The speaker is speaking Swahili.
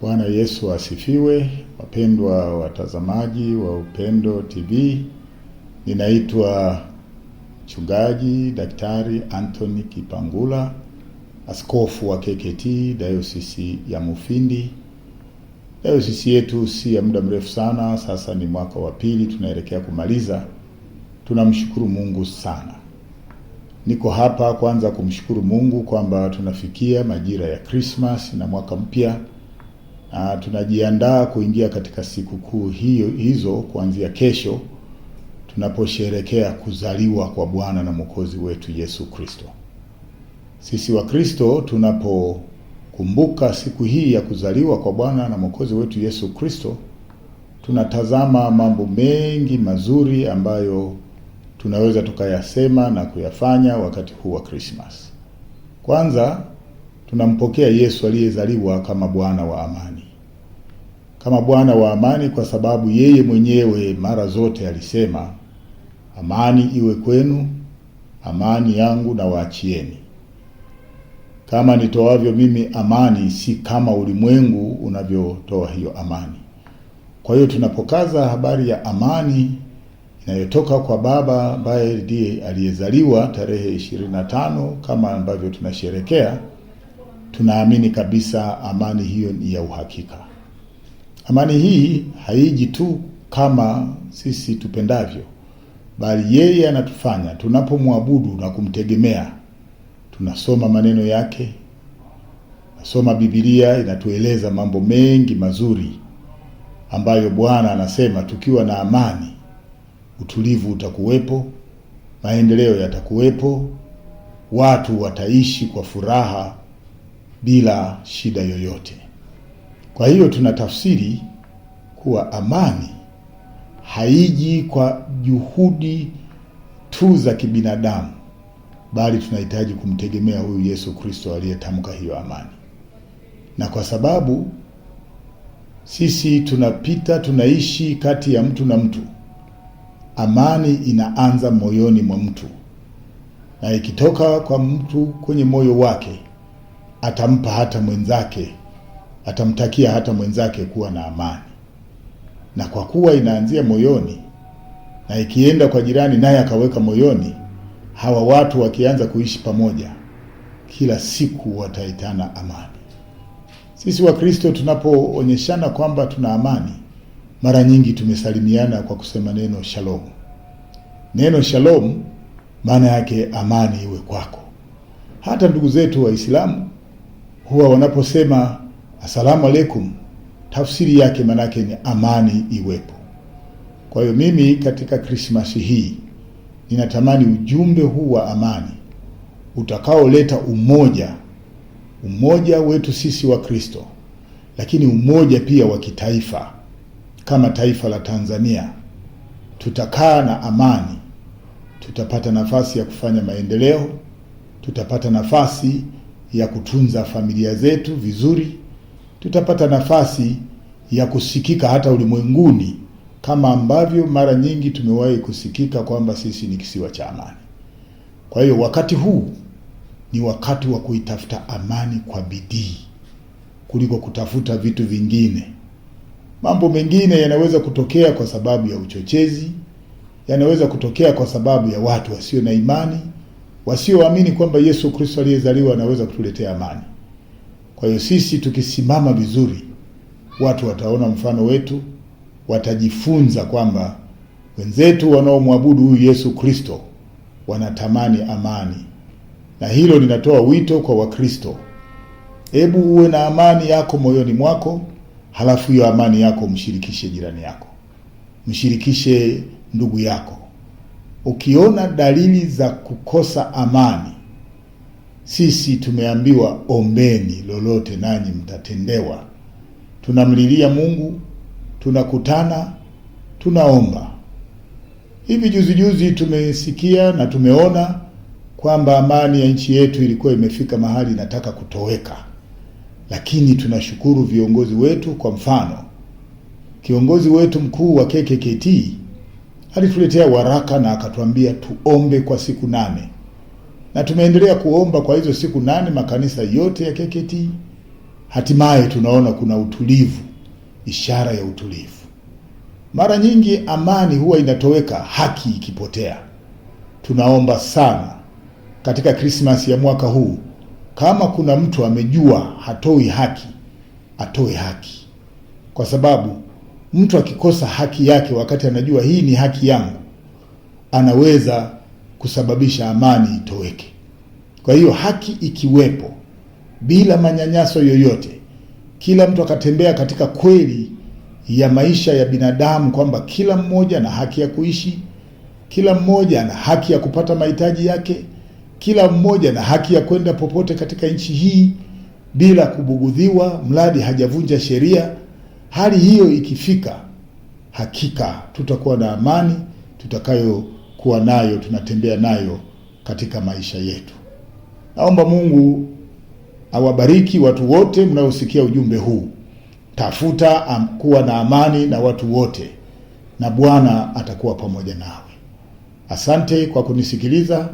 Bwana Yesu asifiwe. Wapendwa watazamaji wa Upendo TV, ninaitwa Mchungaji Daktari Anthony Kipangula, askofu wa KKT Dayosisi ya Mufindi. Dayosisi yetu si ya muda mrefu sana, sasa ni mwaka wa pili tunaelekea kumaliza. Tunamshukuru Mungu sana. Niko hapa kwanza kumshukuru Mungu kwamba tunafikia majira ya Christmas na mwaka mpya Uh, tunajiandaa kuingia katika sikukuu hiyo hizo kuanzia kesho tunaposherekea kuzaliwa kwa Bwana na Mwokozi wetu Yesu Kristo. Sisi Wakristo tunapokumbuka siku hii ya kuzaliwa kwa Bwana na Mwokozi wetu Yesu Kristo, tunatazama mambo mengi mazuri ambayo tunaweza tukayasema na kuyafanya wakati huu wa Krismasi. Kwanza tunampokea Yesu aliyezaliwa kama Bwana wa amani, kama Bwana wa amani, kwa sababu yeye mwenyewe mara zote alisema, amani iwe kwenu, amani yangu na waachieni kama nitoavyo mimi amani, si kama ulimwengu unavyotoa hiyo amani. Kwa hiyo tunapokaza habari ya amani inayotoka kwa Baba ambaye ndiye aliyezaliwa tarehe 25 kama ambavyo tunasherekea tunaamini kabisa amani hiyo ni ya uhakika. Amani hii haiji tu kama sisi tupendavyo, bali yeye anatufanya tunapomwabudu na kumtegemea, tunasoma maneno yake, nasoma Biblia inatueleza mambo mengi mazuri ambayo Bwana anasema tukiwa na amani, utulivu utakuwepo, maendeleo yatakuwepo, watu wataishi kwa furaha bila shida yoyote. Kwa hiyo tunatafsiri kuwa amani haiji kwa juhudi tu za kibinadamu, bali tunahitaji kumtegemea huyu Yesu Kristo aliyetamka hiyo amani. Na kwa sababu sisi tunapita, tunaishi kati ya mtu na mtu, amani inaanza moyoni mwa mtu, na ikitoka kwa mtu kwenye moyo wake atampa hata mwenzake, atamtakia hata mwenzake kuwa na amani. Na kwa kuwa inaanzia moyoni na ikienda kwa jirani naye akaweka moyoni, hawa watu wakianza kuishi pamoja, kila siku wataitana amani. Sisi Wakristo tunapoonyeshana kwamba tuna amani, mara nyingi tumesalimiana kwa kusema neno shalom. Neno shalom maana yake amani iwe kwako. Hata ndugu zetu Waislamu huwa wanaposema asalamu alaikum, tafsiri yake maanake ni amani iwepo. Kwa hiyo mimi katika Krismasi hii ninatamani ujumbe huu wa amani utakaoleta umoja, umoja wetu sisi wa Kristo, lakini umoja pia wa kitaifa. Kama taifa la Tanzania tutakaa na amani, tutapata nafasi ya kufanya maendeleo, tutapata nafasi ya kutunza familia zetu vizuri, tutapata nafasi ya kusikika hata ulimwenguni kama ambavyo mara nyingi tumewahi kusikika kwamba sisi ni kisiwa cha amani. Kwa hiyo wakati huu ni wakati wa kuitafuta amani kwa bidii kuliko kutafuta vitu vingine. Mambo mengine yanaweza kutokea kwa sababu ya uchochezi, yanaweza kutokea kwa sababu ya watu wasio na imani wasioamini kwamba Yesu Kristo aliyezaliwa anaweza kutuletea amani. Kwa hiyo sisi tukisimama vizuri, watu wataona mfano wetu, watajifunza kwamba wenzetu wanaomwabudu huyu Yesu Kristo wanatamani amani, na hilo linatoa wito kwa Wakristo, hebu uwe na amani yako moyoni mwako, halafu hiyo amani yako mshirikishe jirani yako, mshirikishe ndugu yako. Ukiona dalili za kukosa amani, sisi tumeambiwa ombeni lolote nanyi mtatendewa. Tunamlilia Mungu, tunakutana, tunaomba. Hivi juzi juzi tumesikia na tumeona kwamba amani ya nchi yetu ilikuwa imefika mahali inataka kutoweka, lakini tunashukuru viongozi wetu. Kwa mfano, kiongozi wetu mkuu wa KKKT alituletea waraka na akatuambia tuombe kwa siku nane, na tumeendelea kuomba kwa hizo siku nane, makanisa yote ya KKT. Hatimaye tunaona kuna utulivu, ishara ya utulivu. Mara nyingi amani huwa inatoweka haki ikipotea. Tunaomba sana katika krismas ya mwaka huu, kama kuna mtu amejua hatoi haki, atoe haki, kwa sababu mtu akikosa haki yake wakati anajua hii ni haki yangu, anaweza kusababisha amani itoweke. Kwa hiyo haki ikiwepo bila manyanyaso yoyote, kila mtu akatembea katika kweli ya maisha ya binadamu kwamba kila mmoja ana haki ya kuishi, kila mmoja ana haki ya kupata mahitaji yake, kila mmoja ana haki ya kwenda popote katika nchi hii bila kubugudhiwa, mradi hajavunja sheria. Hali hiyo ikifika, hakika tutakuwa na amani tutakayokuwa nayo tunatembea nayo katika maisha yetu. Naomba Mungu awabariki watu wote mnaosikia ujumbe huu. Tafuta kuwa na amani na watu wote, na Bwana atakuwa pamoja nawe. Asante kwa kunisikiliza.